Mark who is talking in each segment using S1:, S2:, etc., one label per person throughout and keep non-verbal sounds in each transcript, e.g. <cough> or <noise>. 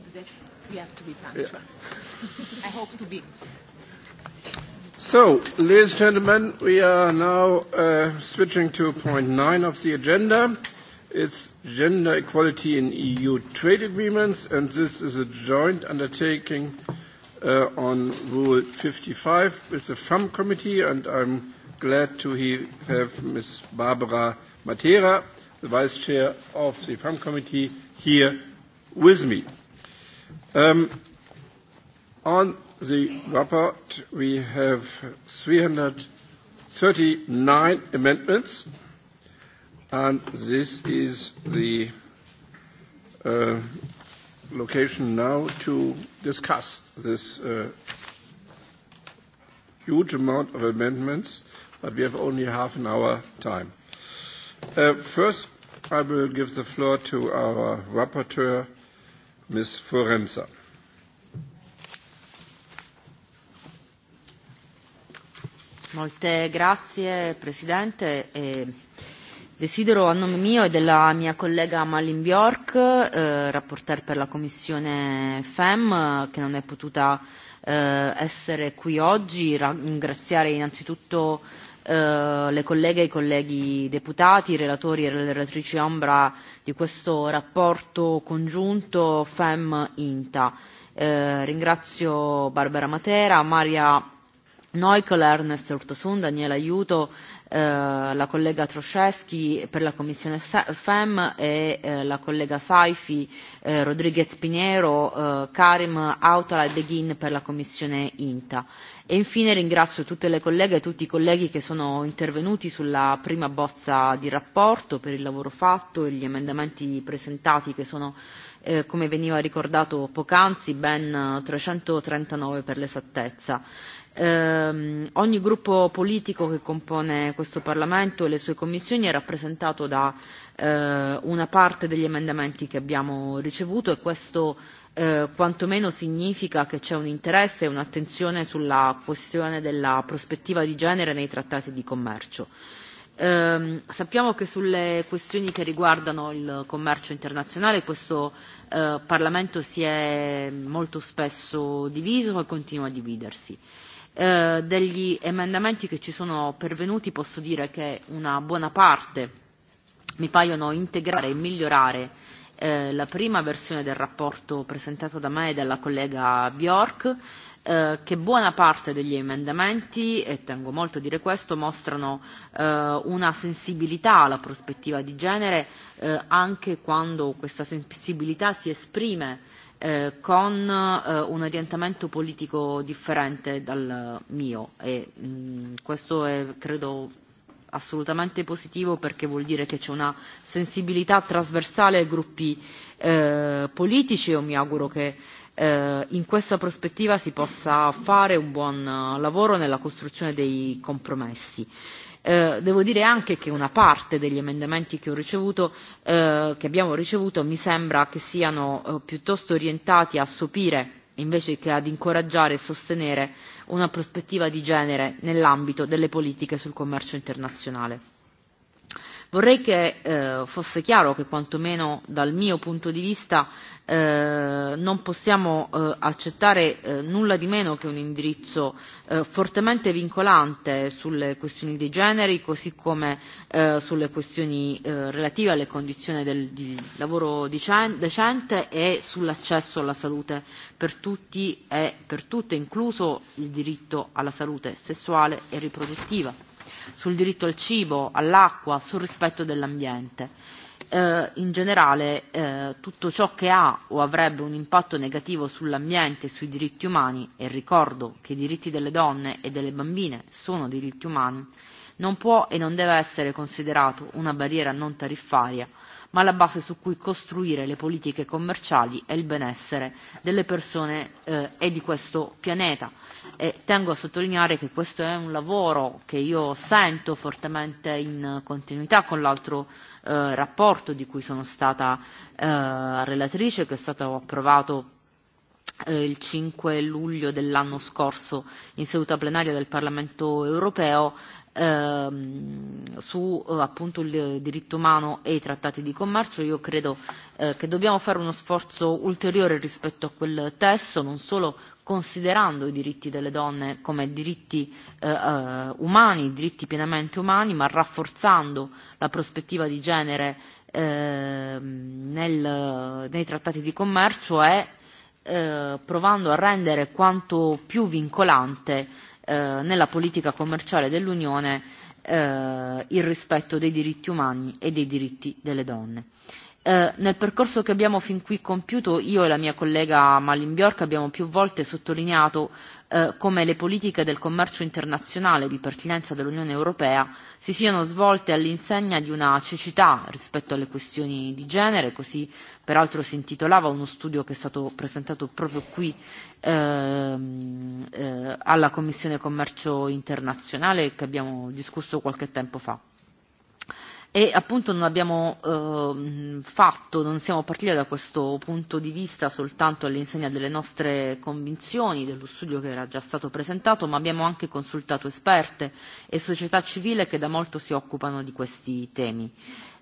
S1: good that we have to be punctual. Yeah. I hope to be.
S2: So, ladies and gentlemen, we are now uh, switching to point nine of the agenda. It's gender equality in EU trade agreements, and this is a joint undertaking uh, on Rule 55 with the FAM Committee, and I'm glad to he- have Ms. Barbara Matera, the Vice Chair of the FAM Committee, here with me. Um, on the report we have 339 amendments and this is the uh, location now to discuss this uh, huge amount of amendments but we have only half an hour time uh, first i will give the floor to our rapporteur Ms. Forenza.
S3: Molte grazie Presidente. E desidero a nome mio e della mia collega Malin Bjork, eh, rapporter per la Commissione FEM, eh, che non è potuta eh, essere qui oggi, ringraziare innanzitutto eh, Eh, le colleghe e i colleghi deputati, i relatori e le relatrici ombra di questo rapporto congiunto FEM-INTA. Eh, ringrazio Barbara Matera, Maria Neukler, Nestor Tosun, Daniela Aiuto, Eh, la collega Troszewski per la Commissione FEM e eh, la collega Saifi eh, Rodriguez Pinero, eh, Karim Autala e Begin per la Commissione INTA. E infine ringrazio tutte le colleghe e tutti i colleghi che sono intervenuti sulla prima bozza di rapporto per il lavoro fatto e gli emendamenti presentati che sono, eh, come veniva ricordato poc'anzi, ben 339 per l'esattezza. Um, ogni gruppo politico che compone questo Parlamento e le sue commissioni è rappresentato da uh, una parte degli emendamenti che abbiamo ricevuto e questo uh, quantomeno significa che c'è un interesse e un'attenzione sulla questione della prospettiva di genere nei trattati di commercio. Um, sappiamo che sulle questioni che riguardano il commercio internazionale questo uh, Parlamento si è molto spesso diviso e continua a dividersi. Uh, eh, degli emendamenti che ci sono pervenuti posso dire che una buona parte mi paiono integrare e migliorare eh, la prima versione del rapporto presentato da me e dalla collega Bjork Uh, che buona parte degli emendamenti, e tengo molto a dire questo, mostrano uh, una sensibilità alla prospettiva di genere, uh, anche quando questa sensibilità si esprime uh, Eh, con eh, un orientamento politico differente dal mio e mh, mm, questo è credo assolutamente positivo perché vuol dire che c'è una sensibilità trasversale ai gruppi eh, politici e mi auguro che eh, in questa prospettiva si possa fare un buon lavoro nella costruzione dei compromessi. Eh, Eh, devo dire anche che una parte degli emendamenti che ho ricevuto eh, che abbiamo ricevuto mi sembra che siano eh, piuttosto orientati a sopire invece che ad incoraggiare e sostenere una prospettiva di genere nell'ambito delle politiche sul commercio internazionale vorrei che eh, fosse chiaro che quantomeno dal mio punto di vista eh, non possiamo eh, accettare eh, nulla di meno che un indirizzo eh, fortemente vincolante sulle questioni dei generi così come eh, sulle questioni eh, relative alle condizioni del di lavoro decente e sull'accesso alla salute per tutti e per tutte incluso il diritto alla salute sessuale e riproduttiva sul diritto al cibo, all'acqua, sul rispetto dell'ambiente. Eh, in generale eh, tutto ciò che ha o avrebbe un impatto negativo sull'ambiente e sui diritti umani, e ricordo che i diritti delle donne e delle bambine sono diritti umani, non può e non deve essere considerato una barriera non tariffaria ma la base su cui costruire le politiche commerciali e il benessere delle persone eh, e di questo pianeta. E tengo a sottolineare che questo è un lavoro che io sento fortemente in continuità con l'altro eh, rapporto di cui sono stata eh, relatrice, che è stato approvato eh, il 5 luglio dell'anno scorso in seduta plenaria del Parlamento europeo ehm, su eh, appunto il diritto umano e i trattati di commercio. Io credo eh, che dobbiamo fare uno sforzo ulteriore rispetto a quel testo, non solo considerando i diritti delle donne come diritti eh, eh, umani, diritti pienamente umani, ma rafforzando la prospettiva di genere eh, nel, nei trattati di commercio e eh, provando a rendere quanto più vincolante eh, Eh, nella politica commerciale dell'Unione eh, il rispetto dei diritti umani e dei diritti delle donne. Eh, nel percorso che abbiamo fin qui compiuto, io e la mia collega Malin Bjork abbiamo più volte sottolineato eh, come le politiche del commercio internazionale di pertinenza dell'Unione Europea si siano svolte all'insegna di una cecità rispetto alle questioni di genere, così peraltro si intitolava uno studio che è stato presentato proprio qui ehm, eh, alla Commissione Commercio Internazionale che abbiamo discusso qualche tempo fa. E appunto non abbiamo eh, fatto, non siamo partiti da questo punto di vista soltanto all'insegna delle nostre convinzioni, dello studio che era già stato presentato, ma abbiamo anche consultato esperte e società civile che da molto si occupano di questi temi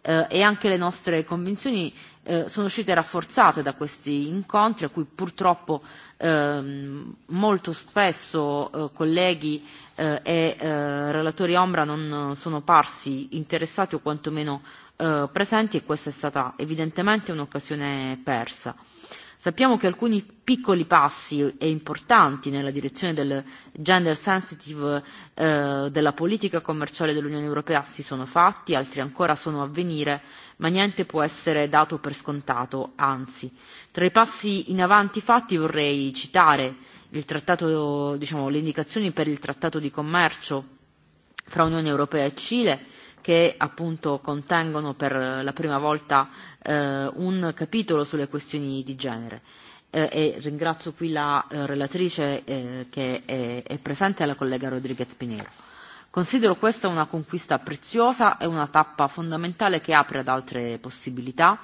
S3: eh, e anche le nostre convinzioni eh, sono uscite rafforzate da questi incontri a cui purtroppo ehm, molto spesso eh, colleghi eh, e eh, relatori ombra non sono parsi interessati o quantomeno eh, presenti e questa è stata evidentemente un'occasione persa. Eh, Sappiamo che alcuni piccoli passi e importanti nella direzione del gender sensitive eh, della politica commerciale dell'Unione Europea si sono fatti, altri ancora sono a venire, ma niente può essere dato per scontato, anzi. Tra i passi in avanti fatti vorrei citare il trattato, diciamo, le indicazioni per il trattato di commercio fra Unione Europea e Cile, che appunto contengono per la prima volta eh, un capitolo sulle questioni di genere. Eh, e ringrazio qui la eh, relatrice eh, che è, è presente, la collega Rodriguez Pinero. Considero questa una conquista preziosa e una tappa fondamentale che apre ad altre possibilità.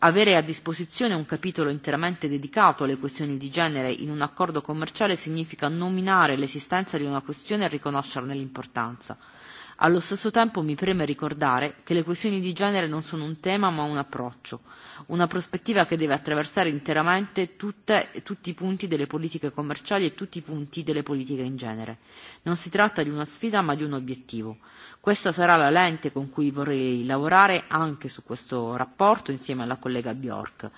S3: Avere a disposizione un capitolo interamente dedicato alle questioni di genere in un accordo commerciale significa nominare l'esistenza di una questione e riconoscerne l'importanza. Eh, Allo stesso tempo mi preme ricordare che le questioni di genere non sono un tema ma un approccio, una prospettiva che deve attraversare interamente tutte, tutti i punti delle politiche commerciali e tutti i punti delle politiche in genere. Non si tratta di una sfida ma di un obiettivo. Questa sarà la lente con cui vorrei lavorare anche su questo rapporto insieme alla collega Bjork.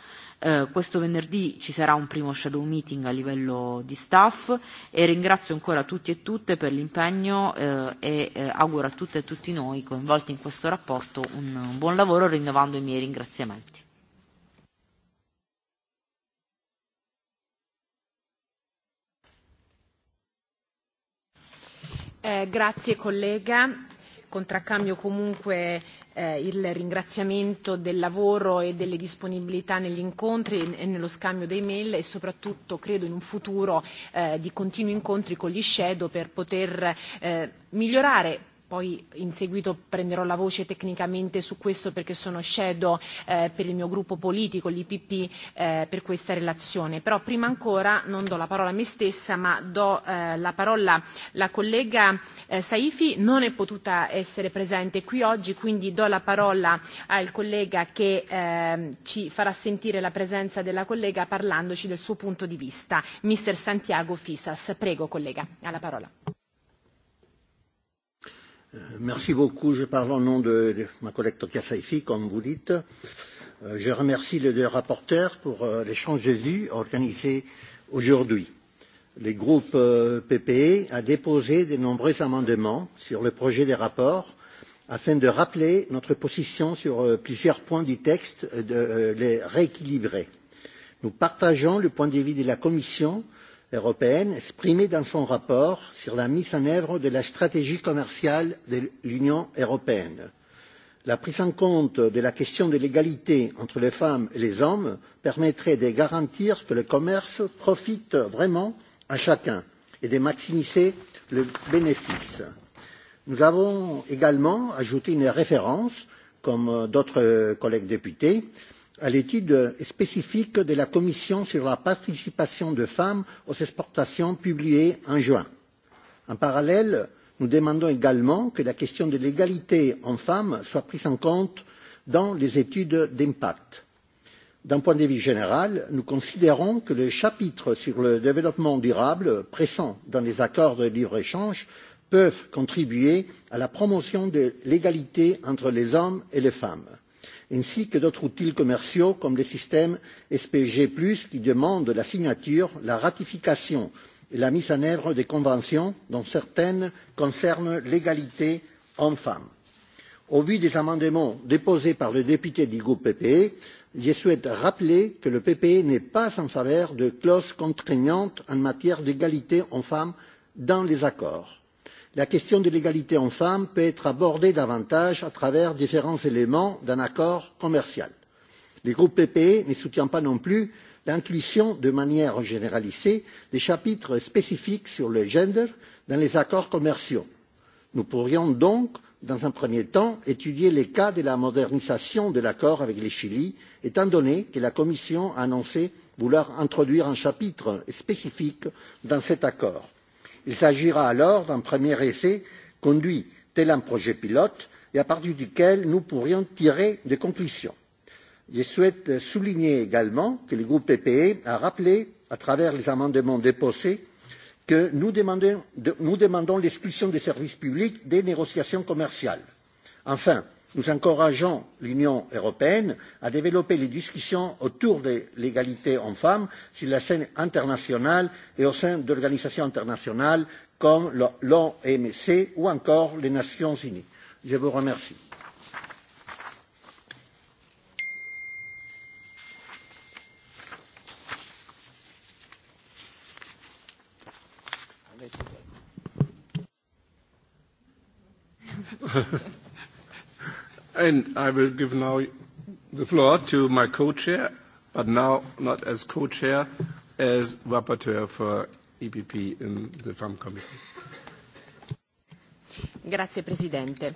S3: Eh, questo venerdì ci sarà un primo shadow meeting a livello di staff e ringrazio ancora tutti e tutte per l'impegno eh, e eh, auguro a tutte e tutti noi coinvolti in questo rapporto un, un buon lavoro rinnovando i miei ringraziamenti.
S1: Eh, grazie collega contraccambio comunque eh, il ringraziamento del lavoro e delle disponibilità negli incontri e, e nello scambio dei mail e soprattutto credo in un futuro eh, di continui incontri con gli shadow per poter eh, migliorare poi in seguito prenderò la voce tecnicamente su questo perché sono shadow eh, per il mio gruppo politico, l'IPP, eh, per questa relazione. Però prima ancora non do la parola a me stessa ma do eh, la parola alla collega eh, Saifi, non è potuta essere presente qui oggi, quindi do la parola al collega che eh, ci farà sentire la presenza della collega parlandoci del suo punto di vista. Mr. Santiago Fisas, prego collega, alla parola.
S4: Merci beaucoup. Je parle au nom de, de ma collègue Tokia Saifi, comme vous dites. Euh, je remercie les deux rapporteurs pour euh, l'échange de vues organisé aujourd'hui. Le groupe euh, PPE a déposé de nombreux amendements sur le projet des rapports afin de rappeler notre position sur plusieurs points du texte et de les rééquilibrer. Nous partageons le point de vue de la Commission euh, européenne exprimait dans son rapport sur la mise en œuvre de la stratégie commerciale de l'union européenne la prise en compte de la question de l'égalité entre les femmes et les hommes permettrait de garantir que le commerce profite vraiment à chacun et de maximiser le bénéfice. nous avons également ajouté une référence comme d'autres collègues députés à l'étude spécifique de la Commission sur la participation de femmes aux exportations publiée en juin. En parallèle, nous demandons également que la question de l'égalité hommes femmes soit prise en compte dans les études d'impact. D'un point de vue général, nous considérons que le chapitre sur le développement durable présent dans les accords de libre-échange peuvent contribuer à la promotion de l'égalité entre les hommes et les femmes ainsi que d'autres outils commerciaux comme les systèmes spg qui demandent la signature la ratification et la mise en œuvre des conventions dont certaines concernent l'égalité hommes femmes. au vu des amendements déposés par le député du groupe ppe je souhaite rappeler que le ppe n'est pas en faveur de clauses contraignantes en matière d'égalité hommes femmes dans les accords la question de l'égalité hommes femmes peut être abordée davantage à travers différents éléments d'un accord commercial. le groupe ppe ne soutient pas non plus l'inclusion de manière généralisée des chapitres spécifiques sur le gender dans les accords commerciaux. nous pourrions donc dans un premier temps étudier les cas de la modernisation de l'accord avec le chili étant donné que la commission a annoncé vouloir introduire un chapitre spécifique dans cet accord il s'agira alors d'un premier essai conduit tel un projet pilote et à partir duquel nous pourrions tirer des conclusions. je souhaite souligner également que le groupe ppe a rappelé à travers les amendements déposés que nous demandons l'exclusion des services publics des négociations commerciales. enfin nous encourageons l'union européenne à développer les discussions autour de l'égalité hommes femmes sur la scène internationale et au sein d'organisations internationales comme l'omc ou encore les nations unies. je vous remercie.
S2: <laughs> And I will give now the floor to my co-chair, but now not as co-chair, as rapporteur for EPP in the Farm Committee.
S1: Grazie Presidente.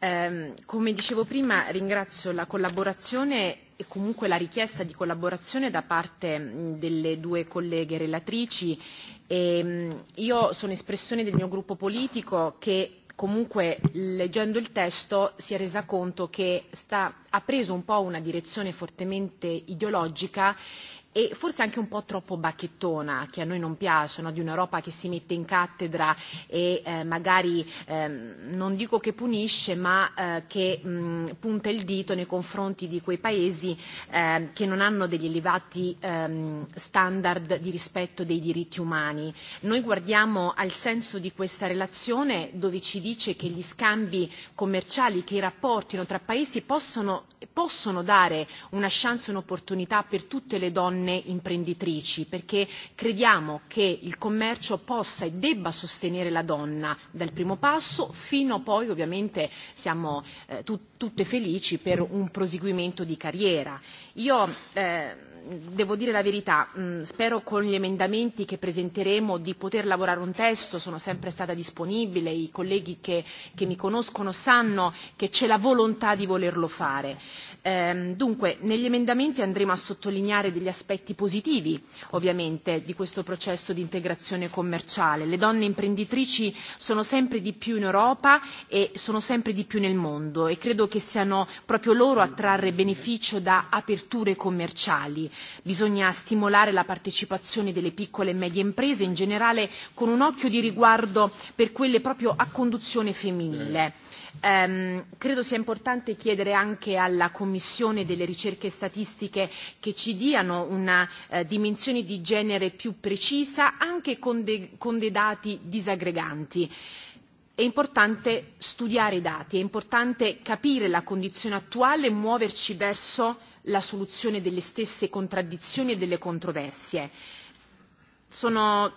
S1: Um, come dicevo prima ringrazio la collaborazione e comunque la richiesta di collaborazione da parte mm, delle due colleghe relatrici e io sono espressione del mio gruppo politico che comunque leggendo il testo si è resa conto che sta ha preso un po' una direzione fortemente ideologica e forse anche un po' troppo bacchettona, che a noi non piace, no? di un'Europa che si mette in cattedra e eh, magari eh, non dico che punisce, ma eh, che mh, punta il dito nei confronti di quei paesi eh, che non hanno degli elevati eh, standard di rispetto dei diritti umani. Noi guardiamo al senso di questa relazione dove ci dice che gli scambi commerciali, che i rapporti no, tra paesi possono possono dare una chance, un'opportunità per tutte le donne imprenditrici, perché crediamo che il commercio possa e debba sostenere la donna dal primo passo fino a poi ovviamente siamo eh, tut- tutte felici per un proseguimento di carriera. Io, eh, devo dire la verità, mh, mm, spero con gli emendamenti che presenteremo di poter lavorare un testo, sono sempre stata disponibile, i colleghi che, che mi conoscono sanno che c'è la volontà di volerlo fare. Ehm, dunque, negli emendamenti andremo a sottolineare degli aspetti positivi, ovviamente, di questo processo di integrazione commerciale. Le donne imprenditrici sono sempre di più in Europa e sono sempre di più nel mondo e credo che siano proprio loro a trarre beneficio da aperture commerciali. Eh, Bisogna stimolare la partecipazione delle piccole e medie imprese in generale con un occhio di riguardo per quelle proprio a conduzione femminile. Um, credo sia importante chiedere anche alla Commissione delle ricerche statistiche che ci diano una uh, dimensione di genere più precisa anche con, de- con dei dati disaggreganti. È importante studiare i dati, è importante capire la condizione attuale e muoverci verso uh, la soluzione delle stesse contraddizioni e delle controversie. Sono,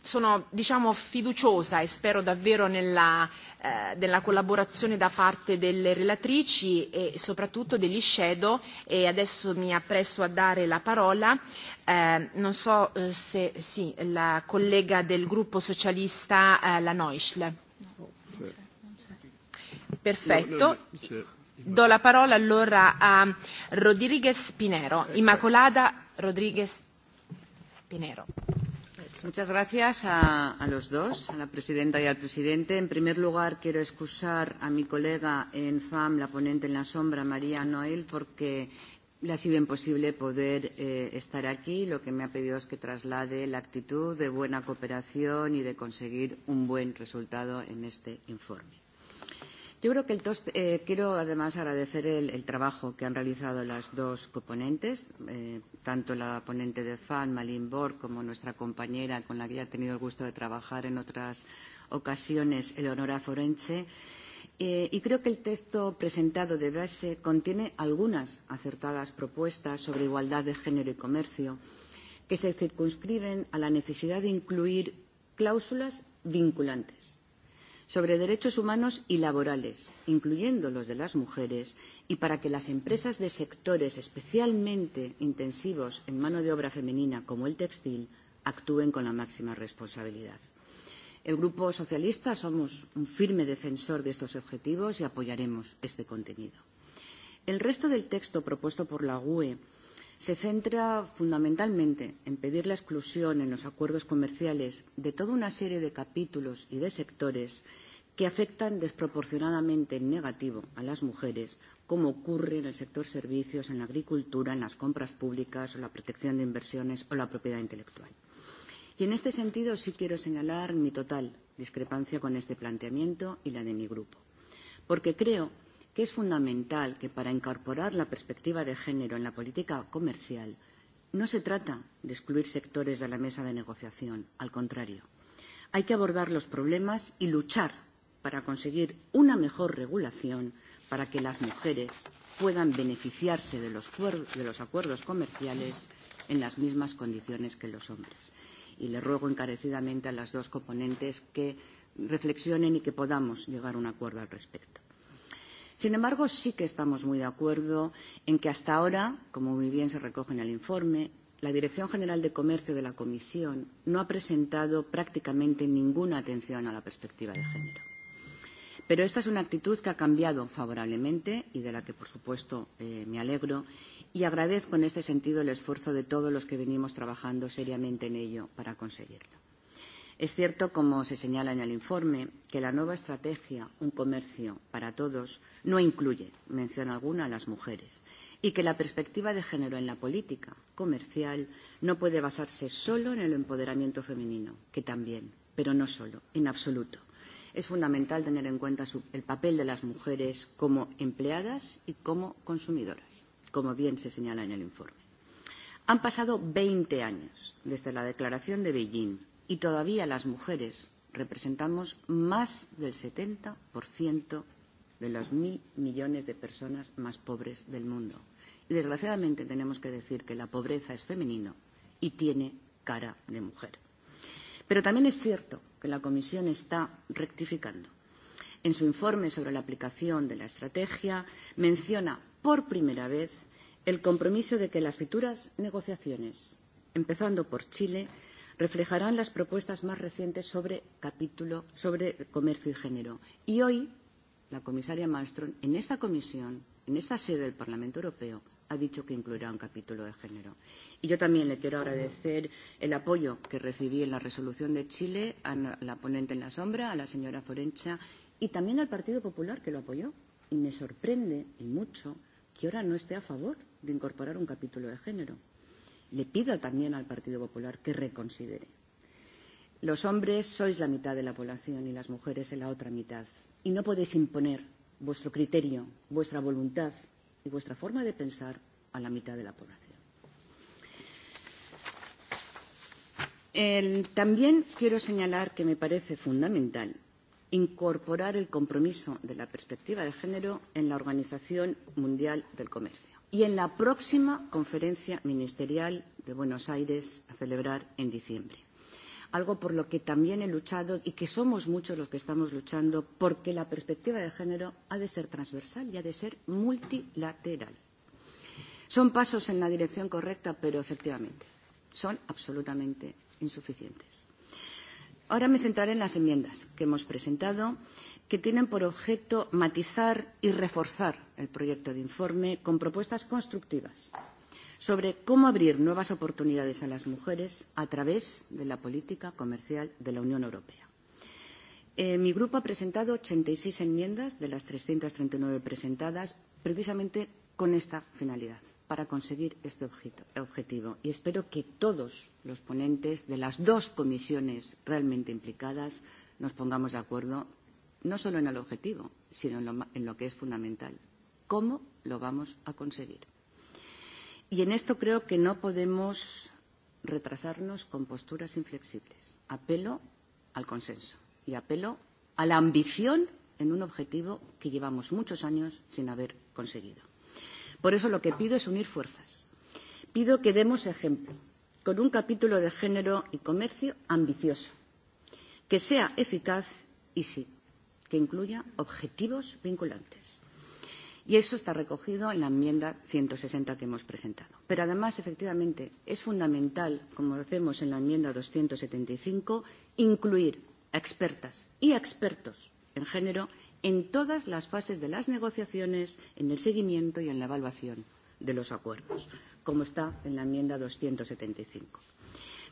S1: sono diciamo, fiduciosa e spero davvero nella, eh, nella collaborazione da parte delle relatrici e soprattutto degli shadow e adesso mi appresso a dare la parola. Eh, non so eh, se sì, la collega del gruppo socialista, eh, la Neuschle. Perfetto. No, no, no, no, no. Do la parola allora a Rodriguez Pinero, Immaculada
S5: Rodriguez Pinero. Muchas gracias a, a los dos, a la presidenta y al presidente. En primer lugar, quiero excusar a mi colega en FAM, la ponente en la sombra, María Noel, porque le ha sido imposible poder eh, estar aquí. Lo que me ha pedido es que traslade la actitud de buena cooperación y de conseguir un buen resultado en este informe. Yo creo que el tos, eh, quiero además agradecer el, el trabajo que han realizado las dos coponentes, eh, tanto la ponente de FAN, Malin Borg, como nuestra compañera con la que ya he tenido el gusto de trabajar en otras ocasiones, Eleonora Forense. Eh, y creo que el texto presentado de base contiene algunas acertadas propuestas sobre igualdad de género y comercio que se circunscriben a la necesidad de incluir cláusulas vinculantes sobre derechos humanos y laborales, incluyendo los de las mujeres, y para que las empresas de sectores especialmente intensivos en mano de obra femenina, como el textil, actúen con la máxima responsabilidad. El Grupo Socialista somos un firme defensor de estos objetivos y apoyaremos este contenido. El resto del texto propuesto por la UE se centra fundamentalmente en pedir la exclusión en los acuerdos comerciales de toda una serie de capítulos y de sectores que afectan desproporcionadamente en negativo a las mujeres, como ocurre en el sector servicios, en la agricultura, en las compras públicas o la protección de inversiones o la propiedad intelectual. Y en este sentido sí quiero señalar mi total discrepancia con este planteamiento y la de mi grupo, porque creo que es fundamental que para incorporar la perspectiva de género en la política comercial no se trata de excluir sectores de la mesa de negociación, al contrario. Hay que abordar los problemas y luchar para conseguir una mejor regulación para que las mujeres puedan beneficiarse de los, de los acuerdos comerciales en las mismas condiciones que los hombres. Y le ruego encarecidamente a las dos componentes que reflexionen y que podamos llegar a un acuerdo al respecto. Sin embargo, sí que estamos muy de acuerdo en que hasta ahora, como muy bien se recoge en el informe, la Dirección General de Comercio de la Comisión no ha presentado prácticamente ninguna atención a la perspectiva de género. Pero esta es una actitud que ha cambiado favorablemente y de la que, por supuesto, eh, me alegro y agradezco en este sentido el esfuerzo de todos los que venimos trabajando seriamente en ello para conseguirlo. Es cierto, como se señala en el informe, que la nueva estrategia Un comercio para todos no incluye mención alguna a las mujeres y que la perspectiva de género en la política comercial no puede basarse solo en el empoderamiento femenino, que también, pero no solo, en absoluto. Es fundamental tener en cuenta su, el papel de las mujeres como empleadas y como consumidoras, como bien se señala en el informe. Han pasado 20 años desde la declaración de Beijing y todavía las mujeres representamos más del 70% de los mil millones de personas más pobres del mundo. Y desgraciadamente tenemos que decir que la pobreza es femenino y tiene cara de mujer. Pero también es cierto que la Comisión está rectificando. En su informe sobre la aplicación de la estrategia menciona por primera vez el compromiso de que las futuras negociaciones, empezando por Chile, reflejarán las propuestas más recientes sobre, capítulo, sobre comercio y género. Y hoy, la comisaria Malmström, en esta comisión, en esta sede del Parlamento Europeo, ha dicho que incluirá un capítulo de género. Y yo también le quiero agradecer el apoyo que recibí en la resolución de Chile a la ponente en la sombra, a la señora Forencha, y también al Partido Popular, que lo apoyó. Y me sorprende, y mucho, que ahora no esté a favor de incorporar un capítulo de género le pido también al Partido Popular que reconsidere. Los hombres sois la mitad de la población y las mujeres en la otra mitad. Y no podéis imponer vuestro criterio, vuestra voluntad y vuestra forma de pensar a la mitad de la población. El, también quiero señalar que me parece fundamental incorporar el compromiso de la perspectiva de género en la Organización Mundial del Comercio y en la próxima conferencia ministerial de Buenos Aires a celebrar en diciembre. Algo por lo que también he luchado y que somos muchos los que estamos luchando porque la perspectiva de género ha de ser transversal y ha de ser multilateral. Son pasos en la dirección correcta, pero efectivamente son absolutamente insuficientes. Ahora me centraré en las enmiendas que hemos presentado, que tienen por objeto matizar y reforzar el proyecto de informe con propuestas constructivas sobre cómo abrir nuevas oportunidades a las mujeres a través de la política comercial de la Unión Europea. Eh, mi grupo ha presentado 86 enmiendas de las 339 presentadas precisamente con esta finalidad para conseguir este objetivo. Y espero que todos los ponentes de las dos comisiones realmente implicadas nos pongamos de acuerdo, no solo en el objetivo, sino en lo, en lo que es fundamental. ¿Cómo lo vamos a conseguir? Y en esto creo que no podemos retrasarnos con posturas inflexibles. Apelo al consenso y apelo a la ambición en un objetivo que llevamos muchos años sin haber conseguido. Por eso lo que pido es unir fuerzas. Pido que demos ejemplo con un capítulo de género y comercio ambicioso, que sea eficaz y sí, que incluya objetivos vinculantes. Y eso está recogido en la enmienda 160 que hemos presentado. Pero además, efectivamente, es fundamental, como hacemos en la enmienda 275, incluir expertas y expertos en género en todas las fases de las negociaciones, en el seguimiento y en la evaluación de los acuerdos, como está en la enmienda 275.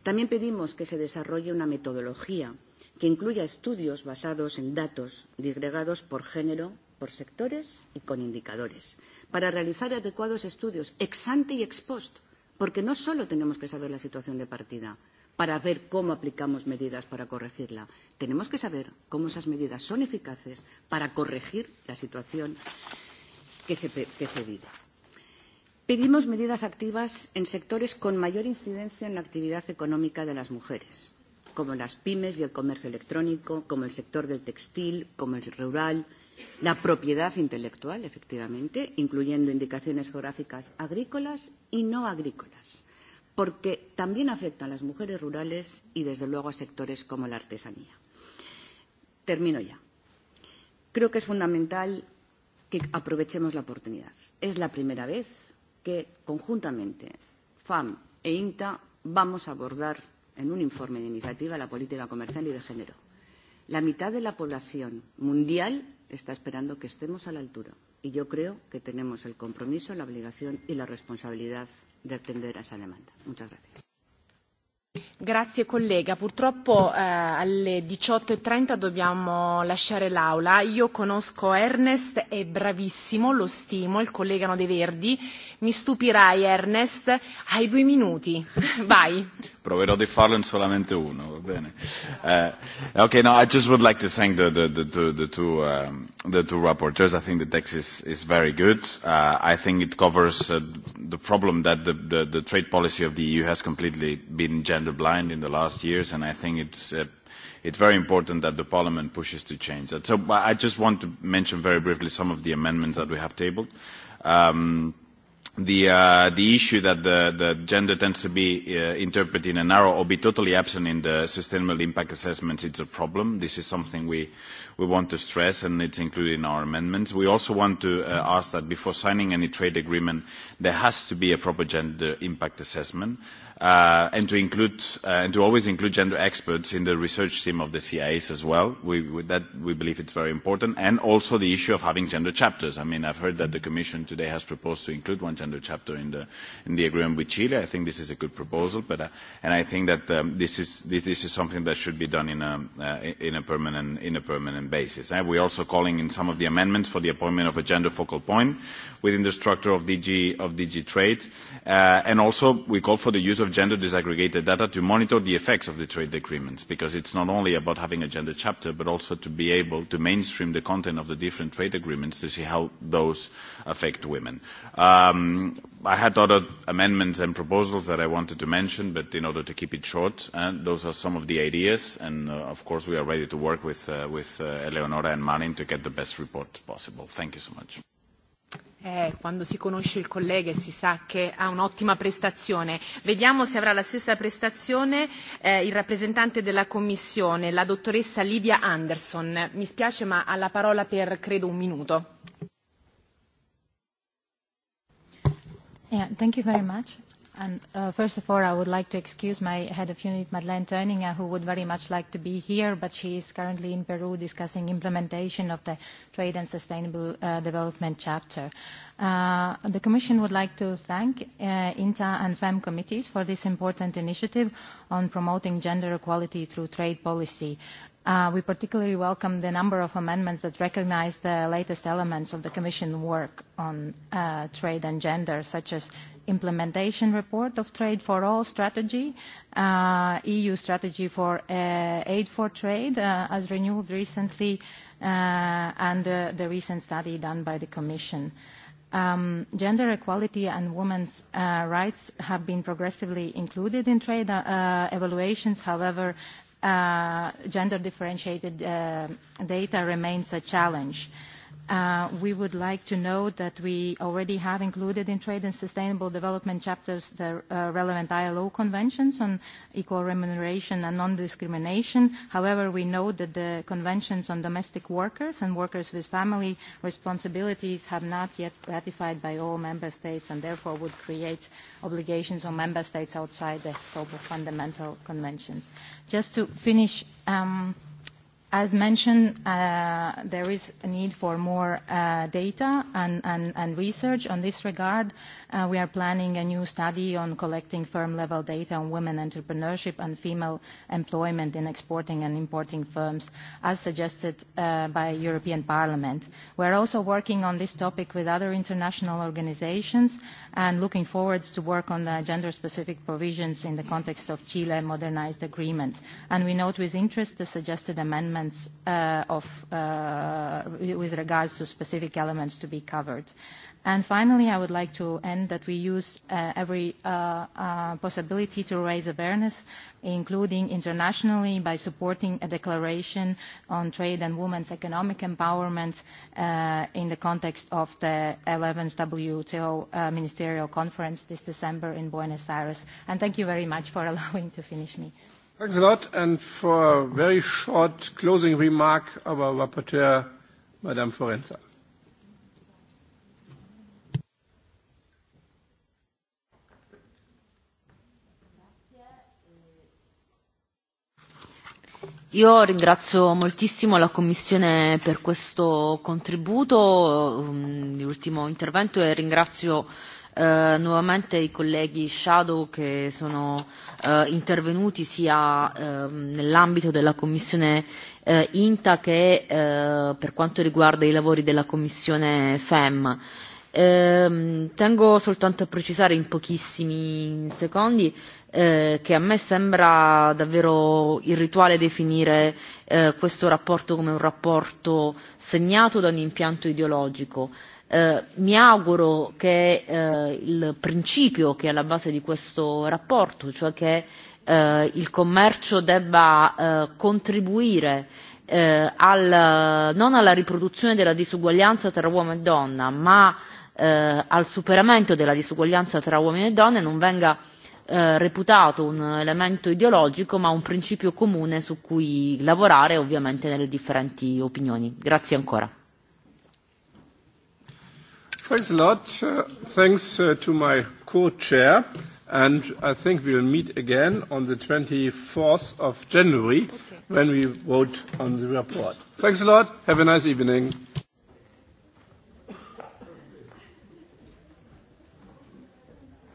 S5: También pedimos que se desarrolle una metodología que incluya estudios basados en datos disgregados por género, por sectores y con indicadores, para realizar adecuados estudios ex ante y ex post, porque no solo tenemos que saber la situación de partida, para ver cómo aplicamos medidas para corregirla. Tenemos que saber cómo esas medidas son eficaces para corregir la situación que se, que se vive. Pedimos medidas activas en sectores con mayor incidencia en la actividad económica de las mujeres, como las pymes y el comercio electrónico, como el sector del textil, como el rural, la propiedad intelectual, efectivamente, incluyendo indicaciones geográficas agrícolas y no agrícolas porque también afecta a las mujeres rurales y, desde luego, a sectores como la artesanía. Termino ya. Creo que es fundamental que aprovechemos la oportunidad. Es la primera vez que, conjuntamente, FAM e INTA vamos a abordar en un informe de iniciativa la política comercial y de género. La mitad de la población mundial está esperando que estemos a la altura y yo creo que tenemos el compromiso, la obligación y la responsabilidad di attendere a esa demanda. Muchas gracias.
S1: Grazie collega, purtroppo eh, alle 18.30 e dobbiamo lasciare l'aula. Io conosco Ernest, è e bravissimo, lo stimo, il collega dei Verdi. Mi stupirai Ernest, hai due minuti, <laughs> vai.
S6: Proverò di farlo in solamente uno, va bene. Uh, okay, no, I just would like to thank the, the, the, the, the, two, um, the two rapporteurs. I think the text is, is very good. Uh, I think it covers uh, the problem that the, the, the trade policy of the EU has completely been gender blind in the last years, and I think it's, uh, it's very important that the Parliament pushes to change that. So I just want to mention very briefly some of the amendments that we have tabled. Um, the uh, the issue that the, the gender tends to be uh, interpreted in a narrow or be totally absent in the sustainable impact assessments, it's a problem. This is something we we want to stress, and it's included in our amendments. We also want to uh, ask that before signing any trade agreement, there has to be a proper gender impact assessment, uh, and to include uh, and to always include gender experts in the research team of the CIAs as well. We, we, that we believe it's very important, and also the issue of having gender chapters. I mean, I've heard that the Commission today has proposed to include one gender chapter in the in the agreement with Chile. I think this is a good proposal, but uh, and I think that um, this is this, this is something that should be done in a uh, in a permanent in a permanent basis. Eh? We're also calling in some of the amendments for the appointment of a gender focal point within the structure of DG, of DG trade. Uh, and also, we call for the use of gender disaggregated data to monitor the effects of the trade agreements, because it's not only about having a gender chapter, but also to be able to mainstream the content of the different trade agreements to see how those affect women. Um, I had other amendments and proposals that I wanted to mention, but in order to keep it short, uh, those are some of the ideas, and uh, of course we are ready to work with, uh, with uh, Eleonora and Marin to get the best report possible. Thank you so much.
S1: Eh, quando si conosce il collega e si sa che ha un'ottima prestazione. Vediamo se avrà la stessa prestazione eh, il rappresentante della Commissione, la dottoressa Livia Anderson. Mi spiace ma ha la parola per credo un minuto.
S7: Yeah, thank you very much. And uh, first of all, I would like to excuse my head of unit, Madeleine Töninger, who would very much like to be here, but she is currently in Peru discussing implementation of the Trade and Sustainable uh, Development Chapter. Uh, the Commission would like to thank uh, INTA and FEM committees for this important initiative on promoting gender equality through trade policy. Uh, we particularly welcome the number of amendments that recognize the latest elements of the Commission work on uh, trade and gender, such as implementation report of Trade for All strategy, uh, EU strategy for aid for trade, as renewed recently, and the recent study done by the Commission. Um, gender equality and women's rights have been progressively included in trade evaluations. However, Uh, gender-differentiated uh, data remains a challenge. Uh, we would like to note that we already have included in trade and sustainable development chapters the relevant ILO conventions on equal remuneration and non-discrimination. However, we know that the conventions on domestic workers and workers with family responsibilities have not yet ratified by all member states, and therefore would create obligations on member states outside the scope of fundamental conventions. Just to finish, um, as mentioned, uh, there is a need for more uh, data and research on this regard. Uh, we are planning a new study on collecting firm-level data on women entrepreneurship and female employment in exporting and importing firms, as suggested by European Parliament. We're also working on this topic with other international organizations, and looking forward to work on the gender-specific provisions in the context of Chile modernized agreement. We note with interest the suggested amendments uh, uh, with regards to specific elements to be covered. Finally, I would like to end that we use uh, every uh, uh, possibility to raise awareness, including internationally, by supporting a declaration on trade and women's economic empowerment in the context of the 11th WTO Ministerial Conference this December in Buenos Aires. Thank you very much for <laughs> allowing to finish me.
S2: Thanks a lot, and for a very short closing remark of our rapporteur, Madame Forenza.
S3: Io ringrazio moltissimo la Commissione per questo contributo, um, l'ultimo intervento e ringrazio eh, nuovamente i colleghi Shadow che sono eh, intervenuti sia eh, nell'ambito della Commissione eh, INTA che eh, per quanto riguarda i lavori della Commissione FEM. Eh, tengo soltanto a precisare in pochissimi secondi eh, Eh, che a me sembra davvero irrituale definire eh, questo rapporto come un rapporto segnato da un impianto ideologico. Eh, mi auguro che eh, il principio che è alla base di questo rapporto, cioè che eh, il commercio debba eh, contribuire eh, al, non alla riproduzione della disuguaglianza tra uomo e donna, ma eh, al superamento della disuguaglianza tra uomini e donne, non venga Eh, reputato un elemento ideologico, ma un principio comune su cui lavorare ovviamente nelle differenti opinioni. Grazie ancora.
S2: Thanks a lot. Uh, thanks uh, to my co-chair. And I think we'll meet again on the 24th of January okay. when we vote on the report. Thanks a lot. Have a nice evening.